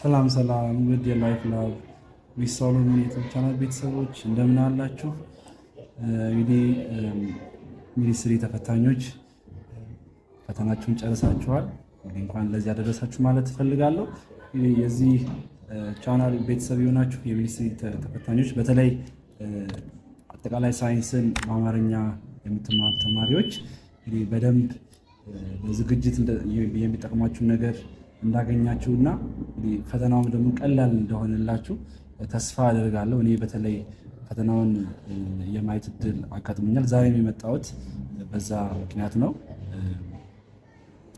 ሰላም ሰላም ውድ የላይፍ ላብ ዊዝ ሶሎሞን ቻናል ቤተሰቦች እንደምን አላችሁ? እንግዲህ ሚኒስትሪ ተፈታኞች ፈተናችሁን ጨርሳችኋል። እንግዲህ እንኳን ለዚህ ያደረሳችሁ ማለት እፈልጋለሁ። የዚህ ቻናል ቤተሰብ የሆናችሁ የሚኒስትሪ ተፈታኞች፣ በተለይ አጠቃላይ ሳይንስን በአማርኛ የምትማሩ ተማሪዎች በደንብ በዝግጅት የሚጠቅማችሁን ነገር እንዳገኛችሁና ፈተናውም ደግሞ ቀላል እንደሆነላችሁ ተስፋ አደርጋለሁ። እኔ በተለይ ፈተናውን የማየት እድል አጋጥሞኛል። ዛሬም የመጣሁት በዛ ምክንያት ነው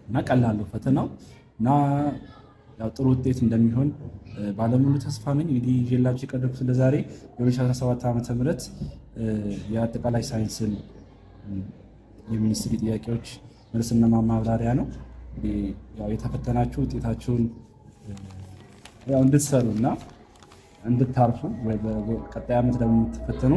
እና ቀላሉ ፈተናው እና ያው ጥሩ ውጤት እንደሚሆን ባለሙሉ ተስፋ ነኝ። እንግዲህ ይዤላችሁ የቀረብኩት ለዛሬ የ2017 ዓ ም የአጠቃላይ ሳይንስን የሚኒስትሪ ጥያቄዎች መልስና ማማብራሪያ ነው። የተፈተናችሁ ውጤታችሁን እንድትሰሩ እና እንድታርፉ ቀጣይ ዓመት ደግሞ የምትፈተኑ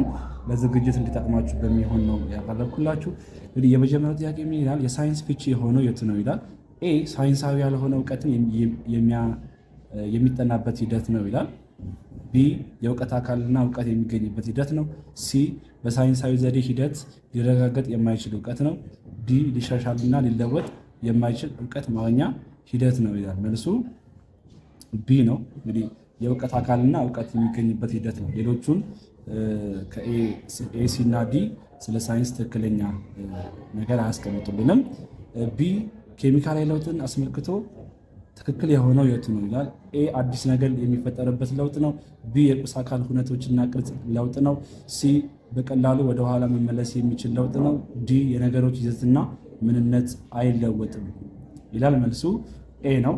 ለዝግጅት እንዲጠቅማችሁ በሚሆን ነው ያቀረብኩላችሁ። እንግዲህ የመጀመሪያው ጥያቄ ምን ይላል? የሳይንስ ፍቺ የሆነው የት ነው ይላል። ኤ ሳይንሳዊ ያልሆነ እውቀትን የሚጠናበት ሂደት ነው ይላል። ቢ የእውቀት አካልና እውቀት የሚገኝበት ሂደት ነው። ሲ በሳይንሳዊ ዘዴ ሂደት ሊረጋገጥ የማይችል እውቀት ነው። ዲ ሊሻሻልና ሊለወጥ የማይችል እውቀት ማግኛ ሂደት ነው ይላል። መልሱ ቢ ነው። እንግዲህ የእውቀት አካልና እውቀት የሚገኝበት ሂደት ነው። ሌሎቹን ከኤሲ እና ዲ ስለ ሳይንስ ትክክለኛ ነገር አያስቀምጡልንም። ቢ ኬሚካል ለውጥን አስመልክቶ ትክክል የሆነው የቱ ነው ይላል። ኤ አዲስ ነገር የሚፈጠርበት ለውጥ ነው። ቢ የቁስ አካል ሁነቶችና ቅርጽ ለውጥ ነው። ሲ በቀላሉ ወደኋላ መመለስ የሚችል ለውጥ ነው። ዲ የነገሮች ይዘትና ምንነት አይለወጥም ይላል። መልሱ ኤ ነው።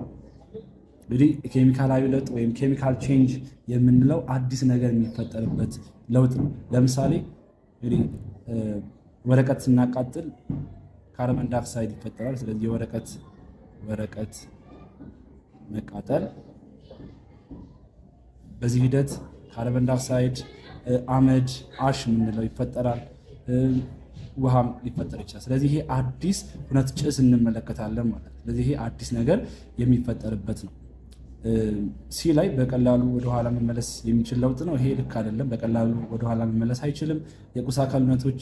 እንግዲህ ኬሚካላዊ ለውጥ ወይም ኬሚካል ቼንጅ የምንለው አዲስ ነገር የሚፈጠርበት ለውጥ ነው። ለምሳሌ እንግዲህ ወረቀት ስናቃጥል ካርበን ዳክሳይድ ይፈጠራል። ስለዚህ የወረቀት ወረቀት መቃጠል በዚህ ሂደት ካርበን ዳክሳይድ፣ አመድ፣ አሽ የምንለው ይፈጠራል። ውሃም ሊፈጠር ይችላል። ስለዚህ ይሄ አዲስ ሁነት ጭስ እንመለከታለን ማለት ነው። ስለዚህ ይሄ አዲስ ነገር የሚፈጠርበት ነው። ሲ ላይ በቀላሉ ወደኋላ መመለስ የሚችል ለውጥ ነው። ይሄ ልክ አይደለም። በቀላሉ ወደኋላ መመለስ አይችልም። የቁስ አካል ሁነቶች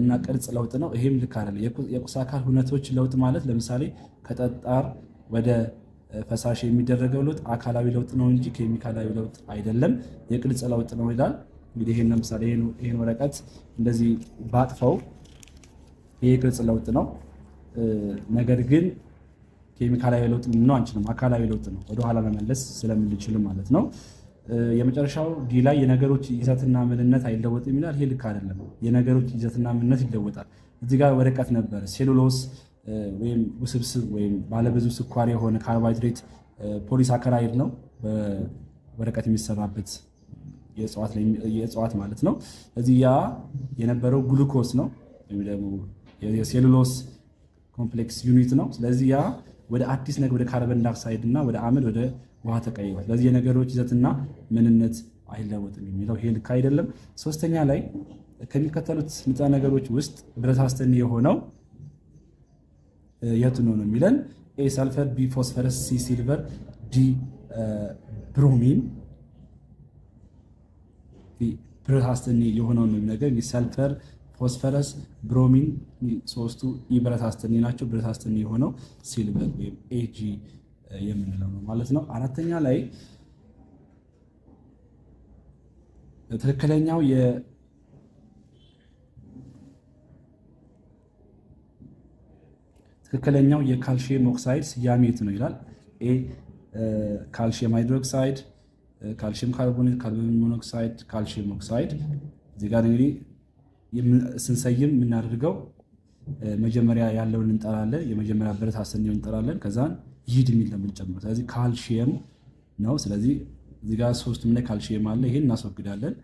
እና ቅርጽ ለውጥ ነው። ይሄም ልክ አይደለም። የቁስ አካል ሁነቶች ለውጥ ማለት ለምሳሌ ከጠጣር ወደ ፈሳሽ የሚደረገው ለውጥ አካላዊ ለውጥ ነው እንጂ ኬሚካላዊ ለውጥ አይደለም። የቅርጽ ለውጥ ነው ይላል። እንግዲህ ይህን ለምሳሌ ይህን ወረቀት እንደዚህ ባጥፈው ይሄ ቅርጽ ለውጥ ነው። ነገር ግን ኬሚካላዊ ለውጥ ነው አንችልም፣ አካላዊ ለውጥ ነው። ወደኋላ ለመለስ ስለምንችል ማለት ነው። የመጨረሻው ዲ ላይ የነገሮች ይዘትና ምንነት አይለወጥም ይላል። ይሄ ልክ አይደለም። የነገሮች ይዘትና ምንነት ይለወጣል። እዚህ ጋር ወረቀት ነበር። ሴሉሎስ ወይም ውስብስብ ወይም ባለብዙ ስኳር የሆነ ካርቦሃይድሬት ፖሊስ ነው በወረቀት የሚሰራበት የእጽዋት ማለት ነው። እዚህ ያ የነበረው ግሉኮስ ነው ወይም ደግሞ የሴሉሎስ ኮምፕሌክስ ዩኒት ነው። ስለዚህ ያ ወደ አዲስ ነገር ወደ ካርበን ዳክሳይድ እና ወደ አመድ ወደ ውሃ ተቀይሯል። ስለዚህ የነገሮች ይዘትና ምንነት አይለወጥም የሚለው ይሄ ልክ አይደለም። ሶስተኛ ላይ ከሚከተሉት ንጥረ ነገሮች ውስጥ ብረት አስተኒ የሆነው የቱ ነው ነው የሚለን ኤ ሰልፈር፣ ቢ ፎስፈረስ፣ ሲ ሲልቨር፣ ዲ ብሮሚን ብረታስተኒ የሆነውን ነገር ሰልፈር፣ ፎስፈረስ፣ ብሮሚን ሶስቱ ብረታስተኒ ናቸው። ብረታስተኒ የሆነው ሲልቨር ወይም ኤጂ የምንለው ነው ማለት ነው። አራተኛ ላይ ትክክለኛው ትክክለኛው የካልሽየም ኦክሳይድ ስያሜ የት ነው ይላል። ኤ ካልሽየም ሃይድሮክሳይድ ካልሽየም ካርቦኔት፣ ካርቦን ሞኖክሳይድ፣ ካልሽየም ኦክሳይድ። እዚህ ጋር እንግዲህ ስንሰይም የምናደርገው መጀመሪያ ያለውን እንጠራለን። የመጀመሪያ ብረት አሰኛውን እንጠራለን። ከዛን ይድ የሚል ነው የምንጨምረው። ስለዚህ ካልሽየም ነው። ስለዚህ እዚህ ጋር ሶስት ምላይ ካልሽየም አለ። ይሄን እናስወግዳለን።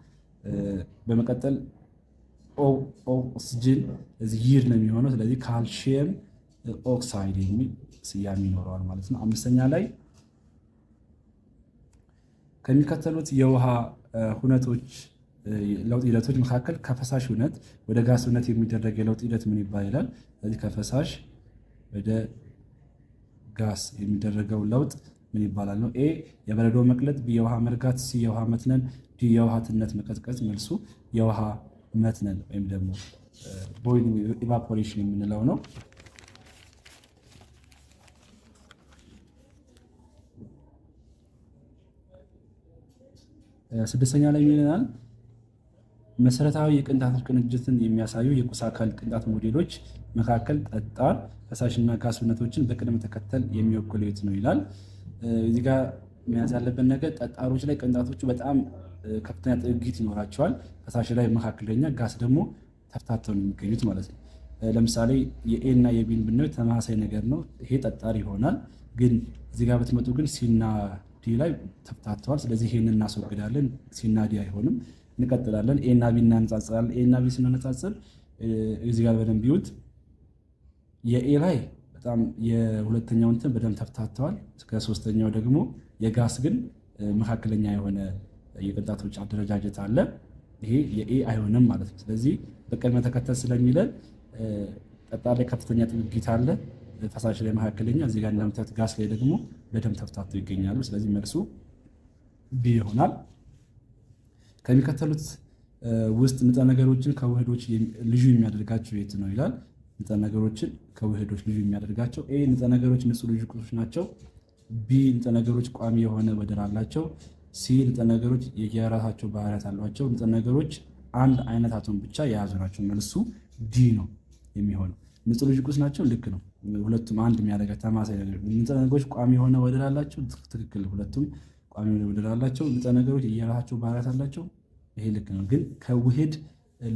በመቀጠል ኦክስጅን እዚህ ይድ ነው የሚሆነው። ስለዚህ ካልሽየም ኦክሳይድ የሚል ስያሜ ይኖረዋል ማለት ነው። አምስተኛ ላይ ከሚከተሉት የውሃ ሁነቶች ለውጥ ሂደቶች መካከል ከፈሳሽ ሁነት ወደ ጋስ ሁነት የሚደረግ የለውጥ ሂደት ምን ይባላል? ስለዚህ ከፈሳሽ ወደ ጋስ የሚደረገው ለውጥ ምን ይባላል ነው። ኤ የበረዶ መቅለጥ፣ ቢ የውሃ መርጋት፣ ሲ የውሃ መትነን፣ ዲ የውሃ ትነት መቀዝቀዝ። መልሱ የውሃ መትነን ወይም ደግሞ ቦይሊንግ ኢቫፖሬሽን የምንለው ነው። ስድስተኛ ላይ ሚለናል መሰረታዊ የቅንጣት ቅንጅትን የሚያሳዩ የቁስ አካል ቅንጣት ሞዴሎች መካከል ጠጣር ፈሳሽና ጋዝ በቅደም ተከተል የሚወክሉ የት ነው ይላል። እዚህ ጋር መያዝ ያለብን ነገር ጠጣሮች ላይ ቅንጣቶቹ በጣም ከፍተኛ ጥግግት ይኖራቸዋል። ፈሳሽ ላይ መካከለኛ፣ ጋስ ደግሞ ተፍታተው ነው የሚገኙት ማለት ነው። ለምሳሌ የኤ እና የቢን ብናየው ተመሳሳይ ነገር ነው። ይሄ ጠጣር ይሆናል። ግን እዚህ ጋር ብትመጡ ግን ሲና ዲ ላይ ተፍታተዋል። ስለዚህ ይሄን እናስወግዳለን። ሲና ዲ አይሆንም፣ እንቀጥላለን። ኤና ቢ እናነጻጽራለን። ኤና ቢ ስናነጻጽር እዚህ ጋር በደንብ ይዩት። የኤ ላይ በጣም የሁለተኛው እንትን በደንብ ተፍታተዋል። ከሶስተኛው ደግሞ የጋስ ግን መካከለኛ የሆነ የቅንጣቶች አደረጃጀት አለ። ይሄ የኤ አይሆንም ማለት ነው። ስለዚህ በቅደም ተከተል ስለሚለን ጠጣር ላይ ከፍተኛ ጥግግት አለ፣ ፈሳሽ ላይ መካከለኛ፣ እዚህ ጋር እንደምታዩት ጋስ ላይ ደግሞ በደም ተፍታተው ይገኛሉ። ስለዚህ መልሱ ቢ ይሆናል። ከሚከተሉት ውስጥ ንጥረ ነገሮችን ከውህዶች ልዩ የሚያደርጋቸው የት ነው ይላል። ንጥረ ነገሮችን ከውህዶች ልዩ የሚያደርጋቸው ኤ ንጥረ ነገሮች ንጹህ ልዩ ቁሶች ናቸው። ቢ ንጥረ ነገሮች ቋሚ የሆነ ወደር አላቸው። ሲ ንጥረ ነገሮች የየራሳቸው ባህሪያት አሏቸው። ንጥረ ነገሮች አንድ አይነት አቶም ብቻ የያዙ ናቸው። መልሱ ዲ ነው የሚሆነው። ንጹህ ልጅ ቁስ ናቸው። ልክ ነው። ሁለቱም አንድ የሚያደርጋቸው ተማሳይ ነገር ንጥረ ነገሮች ቋሚ የሆነ ወደር አላቸው። ትክክል። ሁለቱም ቋሚ የሆነ ወደር አላቸው። ንጥረ ነገሮች እየራሳቸው ባህሪያት አላቸው። ይሄ ልክ ነው። ግን ከውህድ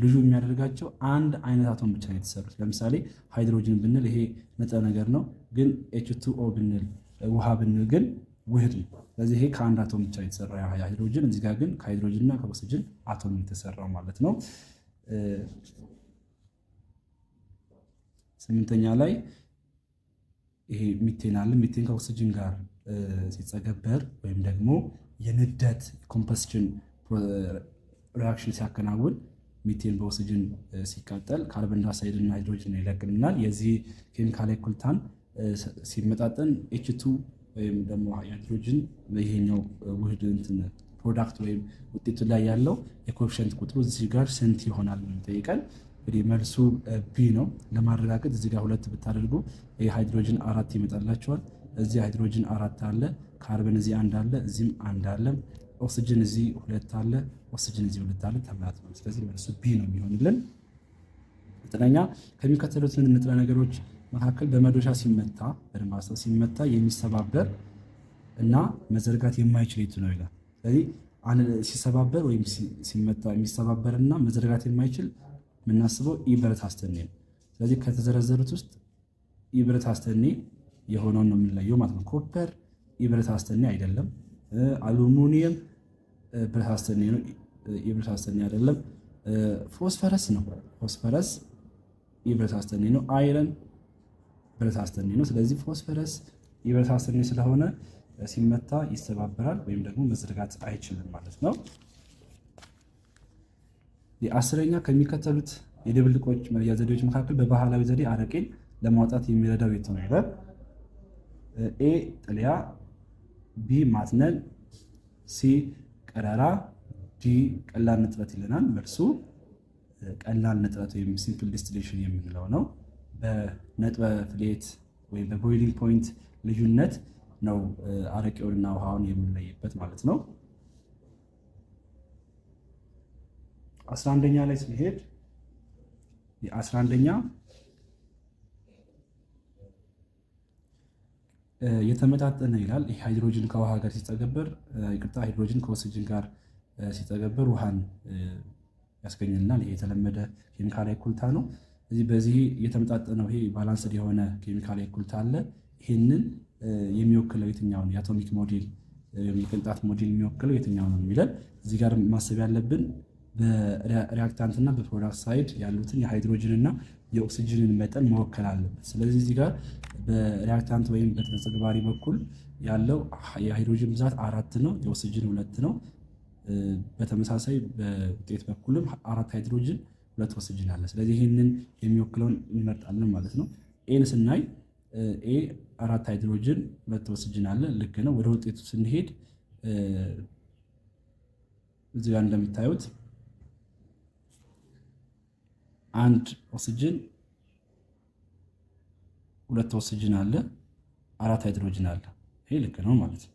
ልዩ የሚያደርጋቸው አንድ አይነት አቶም ብቻ ነው የተሰሩት። ለምሳሌ ሃይድሮጅን ብንል ይሄ ንጥረ ነገር ነው። ግን ኤች ቱ ኦ ብንል ውሃ ብንል ግን ውህድ ነው። ስለዚህ ይሄ ከአንድ አቶም ብቻ የተሰራ ሃይድሮጅን፣ እዚጋ ግን ከሃይድሮጅን እና ከኦክሲጅን አቶም የተሰራው ማለት ነው። ስምንተኛ ላይ ይሄ ሚቴን አለ። ሚቴን ከኦክሲጅን ጋር ሲጸገበር ወይም ደግሞ የንደት ኮምፐስሽን ሪያክሽን ሲያከናውን ሚቴን በኦክሲጅን ሲቃጠል ካርበን ዳይኦክሳይድ እና ሃይድሮጅን ይለቅልናል። የዚህ ኬሚካል ኩልታን ሲመጣጠን ኤች ቱ ወይም ደግሞ ሃይድሮጅን ይሄኛው ውህድ እንትን ፕሮዳክት ወይም ውጤቱ ላይ ያለው የኮኤፊሽንት ቁጥሩ እዚህ ጋር ስንት ይሆናል ጠይቀን እንግዲህ መልሱ ቢ ነው። ለማረጋገጥ እዚህ ጋር ሁለት ብታደርጉ የሃይድሮጅን አራት ይመጣላቸዋል። እዚህ ሃይድሮጅን አራት አለ፣ ካርበን እዚህ አንድ አለ፣ እዚህም አንድ አለ፣ ኦክስጅን እዚህ ሁለት አለ፣ ኦክስጅን እዚህ ሁለት አለ ተብላት ነው። ስለዚህ መልሱ ቢ ነው የሚሆንልን። ዘጠነኛ ከሚከተሉት ንጥረ ነገሮች መካከል በመዶሻ ሲመታ በደንብ ሲመታ የሚሰባበር እና መዘርጋት የማይችል የቱ ነው ይላል። ስለዚህ ሲሰባበር ወይም ሲመታ የሚሰባበር እና መዘርጋት የማይችል የምናስበው ኢብረት አስተኔ ነው። ስለዚህ ከተዘረዘሩት ውስጥ ኢብረት አስተኔ የሆነውን ነው የምንለየው ማለት ነው። ኮፐር ኢብረት አስተኔ አይደለም። አሉሚኒየም ብረት አስተኔ ነው፣ ኢብረት አስተኔ አይደለም። ፎስፈረስ ነው፣ ፎስፈረስ ኢብረት አስተኔ ነው። አይረን ብረት አስተኔ ነው። ስለዚህ ፎስፈረስ ኢብረት አስተኔ ስለሆነ ሲመታ ይሰባበራል ወይም ደግሞ መዘርጋት አይችልም ማለት ነው። የአስረኛ ከሚከተሉት የድብልቆች መለያ ዘዴዎች መካከል በባህላዊ ዘዴ አረቄን ለማውጣት የሚረዳው የቱ ነው? ኤ ጥሊያ፣ ቢ ማትነን፣ ሲ ቀረራ፣ ዲ ቀላል ንጥረት ይለናል። መልሱ ቀላል ንጥረት ወይም ሲምፕል ዲስቲሌሽን የምንለው ነው። በነጥበ ፍሌት ወይም በቦይሊንግ ፖይንት ልዩነት ነው አረቄውንና ውሃውን የምንለይበት ማለት ነው። አስራ አንደኛ ላይ ስንሄድ የአስራ አንደኛ የተመጣጠነ ይላል። ይህ ሃይድሮጅን ከውሃ ጋር ሲጠገበር ይቅርታ፣ ሃይድሮጅን ከኦክሲጅን ጋር ሲጠገበር ውሃን ያስገኝልናል። ይሄ የተለመደ ኬሚካል ኩልታ ነው። እዚህ በዚህ የተመጣጠነው ይሄ ባላንስድ የሆነ ኬሚካል ኩልታ አለ። ይህንን የሚወክለው የትኛው ነው የአቶሚክ ሞዴል የቅንጣት ሞዴል የሚወክለው የትኛው ነው የሚለን እዚህ ጋር ማሰብ ያለብን በሪያክታንት እና በፕሮዳክት ሳይድ ያሉትን የሃይድሮጅን እና የኦክሲጅንን መጠን መወከል አለበት። ስለዚህ እዚህ ጋር በሪያክታንት ወይም በተዘግባሪ በኩል ያለው የሃይድሮጅን ብዛት አራት ነው፣ የኦክሲጅን ሁለት ነው። በተመሳሳይ በውጤት በኩልም አራት ሃይድሮጅን ሁለት ኦክሲጅን አለ። ስለዚህ ይህንን የሚወክለውን እንመርጣለን ማለት ነው። ኤን ስናይ ኤ አራት ሃይድሮጅን ሁለት ኦክሲጅን አለ፣ ልክ ነው። ወደ ውጤቱ ስንሄድ እዚጋ እንደሚታዩት አንድ ኦክሲጅን ሁለት ኦክሲጅን አለ፣ አራት ሃይድሮጅን አለ። ይሄ ልክ ነው ማለት ነው።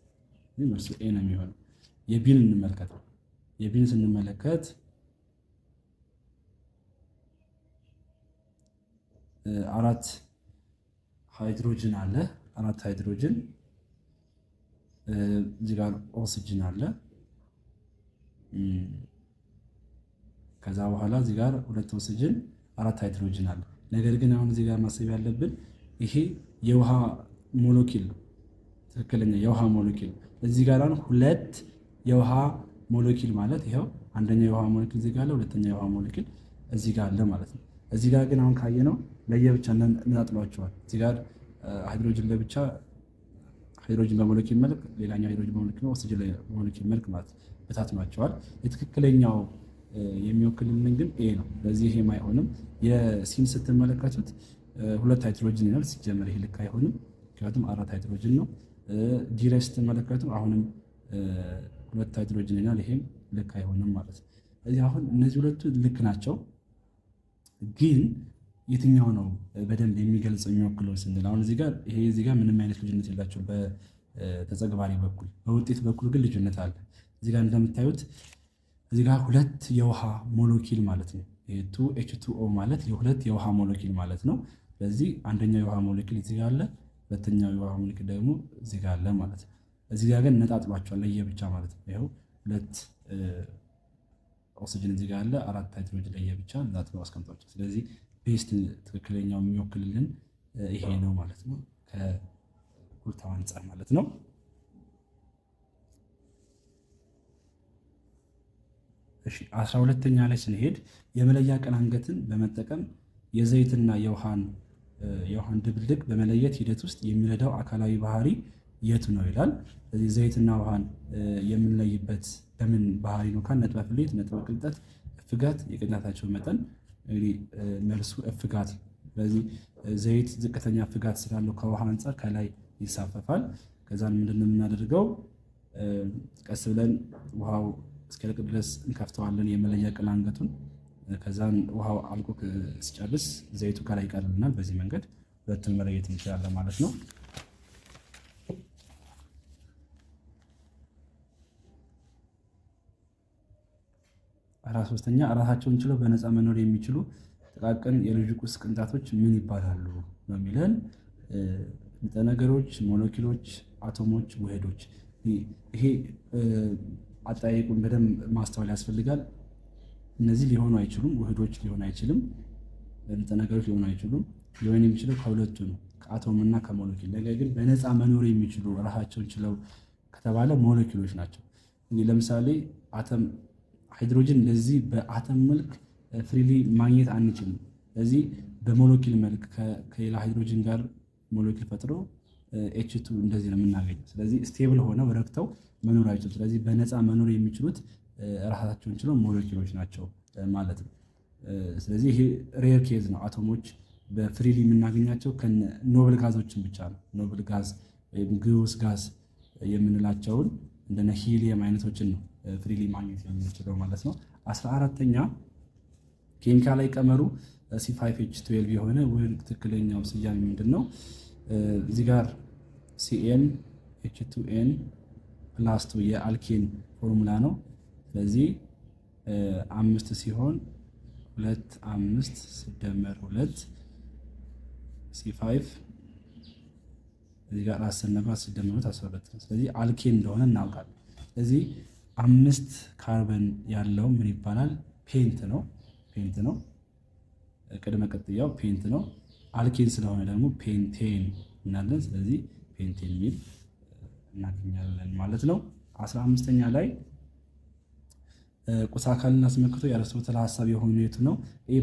ይህ መልሱ ኤ ነው የሚሆነው። የቢን እንመልከት። የቢን ስንመለከት አራት ሃይድሮጅን አለ፣ አራት ሃይድሮጅን እዚህ ጋር ኦክሲጅን አለ ከዛ በኋላ እዚህ ጋር ሁለት ኦክስጅን አራት ሃይድሮጅን አለ። ነገር ግን አሁን እዚህ ጋር ማሰብ ያለብን ይሄ የውሃ ሞለኪል ትክክለኛ የውሃ ሞለኪል እዚህ ጋር አሁን ሁለት የውሃ ሞለኪል ማለት ይኸው አንደኛ የውሃ ሞለኪል እዚህ ጋር አለ፣ ሁለተኛ የውሃ ሞለኪል እዚህ ጋር አለ ማለት ነው። እዚህ ጋር ግን አሁን ካየነው ለየብቻ እናጥሏቸዋል። እዚህ ጋር ሃይድሮጅን ለብቻ ሃይድሮጅን በሞለኪል መልክ፣ ሌላኛው ሃይድሮጅን በሞለኪል ኦክስጅን በሞለኪል መልክ ማለት በታትኗቸዋል የትክክለኛው የሚወክልልን ግን ኤ ነው። በዚህ ይሄም አይሆንም። የሲን ስትመለከቱት ሁለት ሃይድሮጅን ይላል። ሲጀመር ይሄ ልክ አይሆንም፣ ምክንያቱም አራት ሃይድሮጅን ነው። ዲ ላይ ስትመለከቱ አሁንም ሁለት ሃይድሮጅን ይላል። ይሄም ልክ አይሆንም ማለት ነው። እዚህ አሁን እነዚህ ሁለቱ ልክ ናቸው፣ ግን የትኛው ነው በደንብ የሚገልጽ የሚወክለው ስንል አሁን እዚህ ጋር ይሄ እዚህ ጋር ምንም አይነት ልዩነት የላቸው በተጸግባሪ በኩል በውጤት በኩል ግን ልዩነት አለ። እዚህ ጋር እንደምታዩት እዚህ ጋር ሁለት የውሃ ሞለኪል ማለት ነው። ቱ ኤች ቱ ኦ ማለት የሁለት የውሃ ሞለኪል ማለት ነው። ስለዚህ አንደኛው የውሃ ሞለኪል እዚህ ጋር አለ፣ ሁለተኛው የውሃ ሞለኪል ደግሞ እዚህ ጋር አለ ማለት ነው። እዚህ ጋር ግን ነጣጥሏቸዋል ለየብቻ ማለት ነው። ይኸው ሁለት ኦክሲጅን እዚህ ጋር አለ፣ አራት ሃይድሮጅን ለየብቻ ነጣጥሎ አስቀምጧቸው። ስለዚህ ቤስት ትክክለኛው የሚወክልልን ይሄ ነው ማለት ነው ከኩልታው አንጻር ማለት ነው። አስራ ሁለተኛ ላይ ስንሄድ የመለያ ቀን አንገትን በመጠቀም የዘይትና የውሃን የውሃን ድብልቅ በመለየት ሂደት ውስጥ የሚረዳው አካላዊ ባህሪ የቱ ነው ይላል። ስለዚህ ዘይትና ውሃን የምንለይበት በምን ባህሪ ነው ካል ነጥበ ፍሌት፣ ነጥበ ቅልጠት፣ እፍጋት፣ የቅልጣታቸው መጠን እንግዲህ መልሱ እፍጋት። ስለዚህ ዘይት ዝቅተኛ እፍጋት ስላለው ከውሃ አንጻር ከላይ ይሳፈፋል። ከዛን ምንድን ነው የምናደርገው? ቀስ ብለን ውሃው እስከ ድረስ እንከፍተዋለን የመለያ ቅል አንገቱን። ከዛን ውሃው አልቆ ሲጨርስ ዘይቱ ከላይ ይቀርልናል። በዚህ መንገድ ሁለቱን መለየት እንችላለን ማለት ነው። አራት ሶስተኛ ራሳቸውን ችለው በነፃ መኖር የሚችሉ ጥቃቅን የልዩ ቁስ ቅንጣቶች ምን ይባላሉ ነው የሚለን ንጥረ ነገሮች፣ ሞለኪሎች፣ አቶሞች፣ ውህዶች ይሄ አጠያየቁን በደንብ ማስተዋል ያስፈልጋል። እነዚህ ሊሆኑ አይችሉም፣ ውህዶች ሊሆን አይችልም፣ ንጥረ ነገሮች ሊሆኑ አይችሉም። ሊሆን የሚችለው ከሁለቱ ነው፣ ከአቶም እና ከሞለኪል። ነገር ግን በነፃ መኖር የሚችሉ ራሳቸውን ችለው ከተባለ ሞለኪሎች ናቸው። ለምሳሌ አተም ሃይድሮጅን እንደዚህ በአተም መልክ ፍሪሊ ማግኘት አንችልም። ስለዚህ በሞለኪል መልክ ከሌላ ሃይድሮጅን ጋር ሞለኪል ፈጥሮ ኤችቱ እንደዚህ ነው የምናገኘው። ስለዚህ ስቴብል ሆነው ረግተው መኖር አይችሉም። ስለዚህ በነፃ መኖር የሚችሉት ራሳቸውን ችለው ሞለኪሎች ናቸው ማለት ነው። ስለዚህ ይሄ ሬር ኬዝ ነው። አቶሞች በፍሪሊ የምናገኛቸው ኖብል ጋዞችን ብቻ ነው። ኖብል ጋዝ ወይም ግዑስ ጋዝ የምንላቸውን እንደነ ሂሊየም አይነቶችን ነው ፍሪሊ ማግኘት የምንችለው ማለት ነው። አስራ አራተኛ ላይ ቀመሩ ሲፋይፌች ትዌልቭ የሆነ ውህድ ትክክለኛው ስያሜ ምንድን ነው? እዚህ ጋር ሲኤን ኤች ቱ ኤን ላስቱ የአልኬን ፎርሙላ ነው። ስለዚህ አምስት ሲሆን ሁለት አምስት ሲደመር ሁለት ሲ5 እዚህ ጋር አስር ነበር ሲደመር ሁለት አስራ ሁለት ነው። ስለዚህ አልኬን እንደሆነ እናውቃለን። ስለዚህ አምስት ካርበን ያለው ምን ይባላል? ፔንት ነው። ፔንት ነው። ቅድመ ቅጥያው ፔንት ነው። አልኬን ስለሆነ ደግሞ ፔንቴን እናለን። ስለዚህ ፔንቴን የሚል እናገኛለን ማለት ነው። አስራ አምስተኛ ላይ ቁስ አካልን አስመልክቶ የአርስቶትል ሀሳብ የሆኑ የቱ ነው? ይህ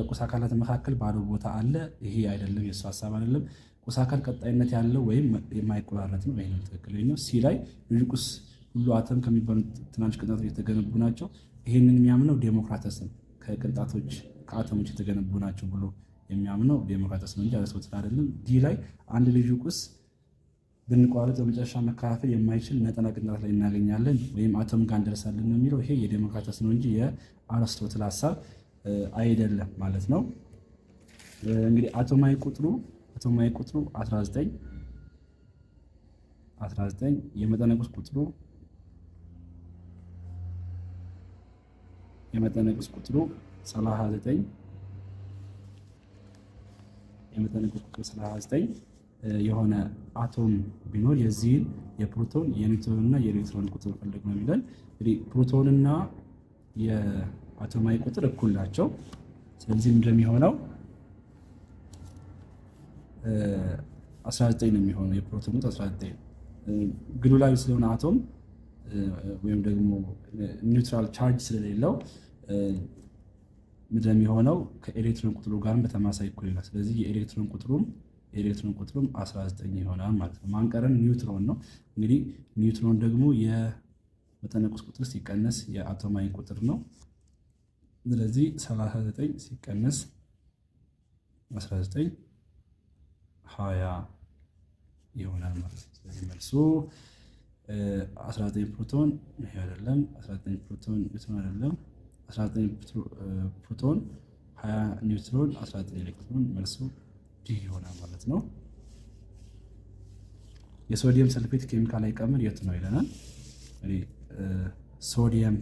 በቁስ አካላት መካከል ባዶ ቦታ አለ። ይሄ አይደለም፣ የእሱ ሀሳብ አይደለም። ቁስ አካል ቀጣይነት ያለው ወይም የማይቆራረጥ ነው። ይህ ትክክለኛው ሲ ላይ ቁስ ሁሉ አተም ከሚባሉ ትናንሽ ቅንጣቶች የተገነቡ ናቸው። ይህንን የሚያምነው ዴሞክራተስን ነው። ከቅንጣቶች ከአተሞች የተገነቡ ናቸው ብሎ የሚያምነው ዴሞክራተስ ነው እንጂ አርስቶትል አይደለም። ዲ ላይ አንድ ልዩ ቁስ ብንቋረጥ በመጨረሻ መከፋፈል የማይችል ነጠላ ቅንጣት ላይ እናገኛለን ወይም አቶም ጋር እንደርሳለን ነው የሚለው። ይሄ የዴሞክራተስ ነው እንጂ የአርስቶትል ሀሳብ አይደለም ማለት ነው። እንግዲህ አቶማዊ ቁጥሩ አቶማዊ ቁጥሩ 19 19 የመጠነ ቁስ ቁጥሩ የመጠነ ቁስ ቁጥሩ 39 የመጠነ ቁስ ቁጥሩ 39 የሆነ አቶም ቢኖር የዚህን የፕሮቶን የኒውትሮንና የኤሌክትሮን ቁጥር ፈልግ ነው የሚለን። እንግዲህ ፕሮቶንና የአቶማዊ ቁጥር እኩል ናቸው። ስለዚህ እንደሚሆነው 19 ነው የሚሆነው የፕሮቶን ቁጥር 19 ግሉላዊ ስለሆነ አቶም ወይም ደግሞ ኒውትራል ቻርጅ ስለሌለው እንደሚሆነው ከኤሌክትሮን ቁጥሩ ጋርም በተማሳይ እኩል ይላል። ስለዚህ የኤሌክትሮን ቁጥሩም የኤሌክትሮን ቁጥሩም 19 ይሆናል ማለት ነው። ማንቀረን ኒውትሮን ነው። እንግዲህ ኒውትሮን ደግሞ የመጠነ ቁስ ቁጥር ሲቀነስ የአቶማዊ ቁጥር ነው። ስለዚህ 39 ሲቀነስ 19 20 ይሆናል ማለት ነው። ስለዚህ መልሱ 19 ፕሮቶን ይሄ አይደለም፣ 19 ፕሮቶን ኒውትሮን አይደለም፣ 19 ፕሮቶን 20 ኒውትሮን 19 ኤሌክትሮን መልሱ ዲ ይሆናል ማለት ነው። የሶዲየም ሰልፌት ኬሚካላዊ ቀመር የት ነው ይለናል። ሶዲየም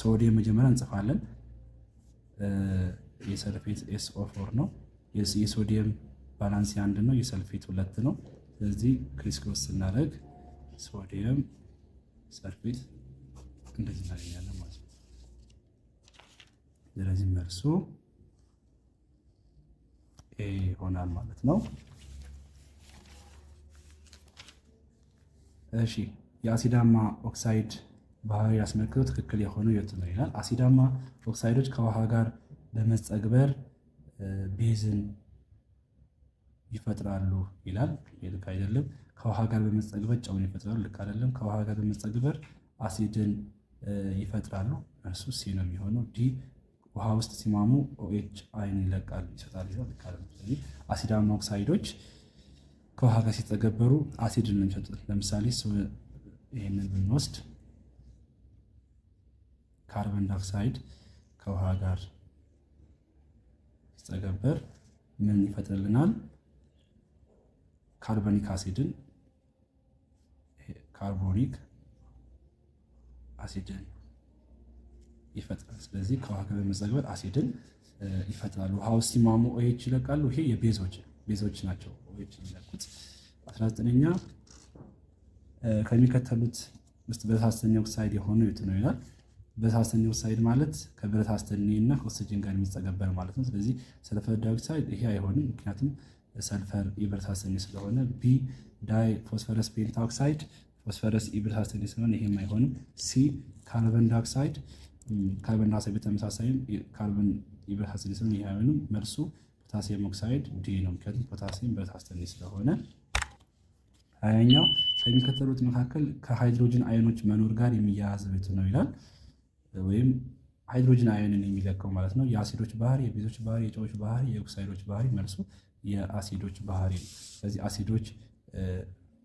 ሶዲየም መጀመሪያ እንጽፋለን። የሰልፌት ኤስኦ ፎር ነው። የሶዲየም ባላንስ አንድ ነው፣ የሰልፌት ሁለት ነው። ስለዚህ ክሪስክሮስ ስናደርግ ሶዲየም ሰልፌት እንደዚህ እናገኛለን። ስለዚህ መልሱ ኤ ይሆናል ማለት ነው። እሺ የአሲዳማ ኦክሳይድ ባህሪ አስመልክቶ ትክክል የሆነው የቱ ነው ይላል። አሲዳማ ኦክሳይዶች ከውሃ ጋር በመጸግበር ቤዝን ይፈጥራሉ ይላል። ልክ አይደለም። ከውሃ ጋር በመጸግበር ጨውን ይፈጥራሉ። ልክ አይደለም። ከውሃ ጋር በመጸግበር አሲድን ይፈጥራሉ። እርሱ ሲ ነው የሚሆነው ዲ ውሃ ውስጥ ሲማሙ ኦኤች አይን ይለቃል ይሰጣል ይሰጣል። ስለዚህ አሲዳማ ኦክሳይዶች ከውሃ ጋር ሲተገበሩ አሲድ ነው የሚሰጡት። ለምሳሌ ይህንን ብንወስድ ካርበን ዳይኦክሳይድ ከውሃ ጋር ሲተገበር ምን ይፈጥርልናል? ካርቦኒክ አሲድን ካርቦኒክ አሲድን ይፈጥራል። ስለዚህ ከዋክብ መዘግበት አሲድን ይፈጥራል። ውሃ ውስጥ ሲማሙ ኦኤች ይለቃሉ። ይሄ የቤዞች ቤዞች ናቸው ኦኤች የሚለቁት። 19ኛ ከሚከተሉት ውስጥ ብረት ሀስተኒ ኦክሳይድ የሆኑ የቱ ነው ይላል። ብረት ሀስተኒ ኦክሳይድ ማለት ከብረት ሀስተኒ እና ከኦክሲጅን ጋር የሚጸገበር ማለት ነው። ስለዚህ ሰልፈር ዳይኦክሳይድ ይሄ አይሆንም፣ ምክንያቱም ሰልፈር የብረት ሀስተኒ ስለሆነ። ቢ ዳይ ፎስፈረስ ፔንታ ኦክሳይድ ፎስፈረስ የብረት ሀስተኒ ስለሆነ ይሄም አይሆንም። ሲ ካርበን ዳይኦክሳይድ ካርበን ራስ በተመሳሳይም ካርበን ኢብራሃስሊስም ይሄንም መልሱ ፖታሲየም ኦክሳይድ ዲ ነው። ምክንያቱም ፖታሲየም በታስተኒ ስለሆነ ሀያኛው ከሚከተሉት መካከል ከሃይድሮጅን አዮኖች መኖር ጋር የሚያያዝ ቤት ነው ይላል። ወይም ሃይድሮጅን አዮንን የሚለቀው ማለት ነው። የአሲዶች ባህሪ፣ የቤዞች ባህሪ፣ የጨዎች ባህሪ፣ የኦክሳይዶች ባህሪ መልሱ የአሲዶች ባህሪ ነው። ስለዚህ አሲዶች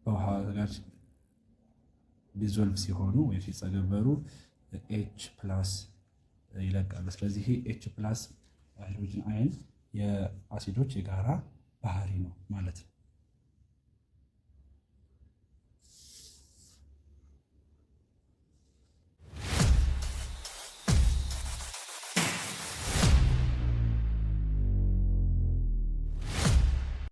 በውሃ ጋር ዲዞልቭ ሲሆኑ ወይም ሲጸገበሩ ኤች ፕላስ ይለቃሉ። ስለዚህ ኤች ፕላስ ሃይድሮጅን አየን የአሲዶች የጋራ ባህሪ ነው ማለት ነው።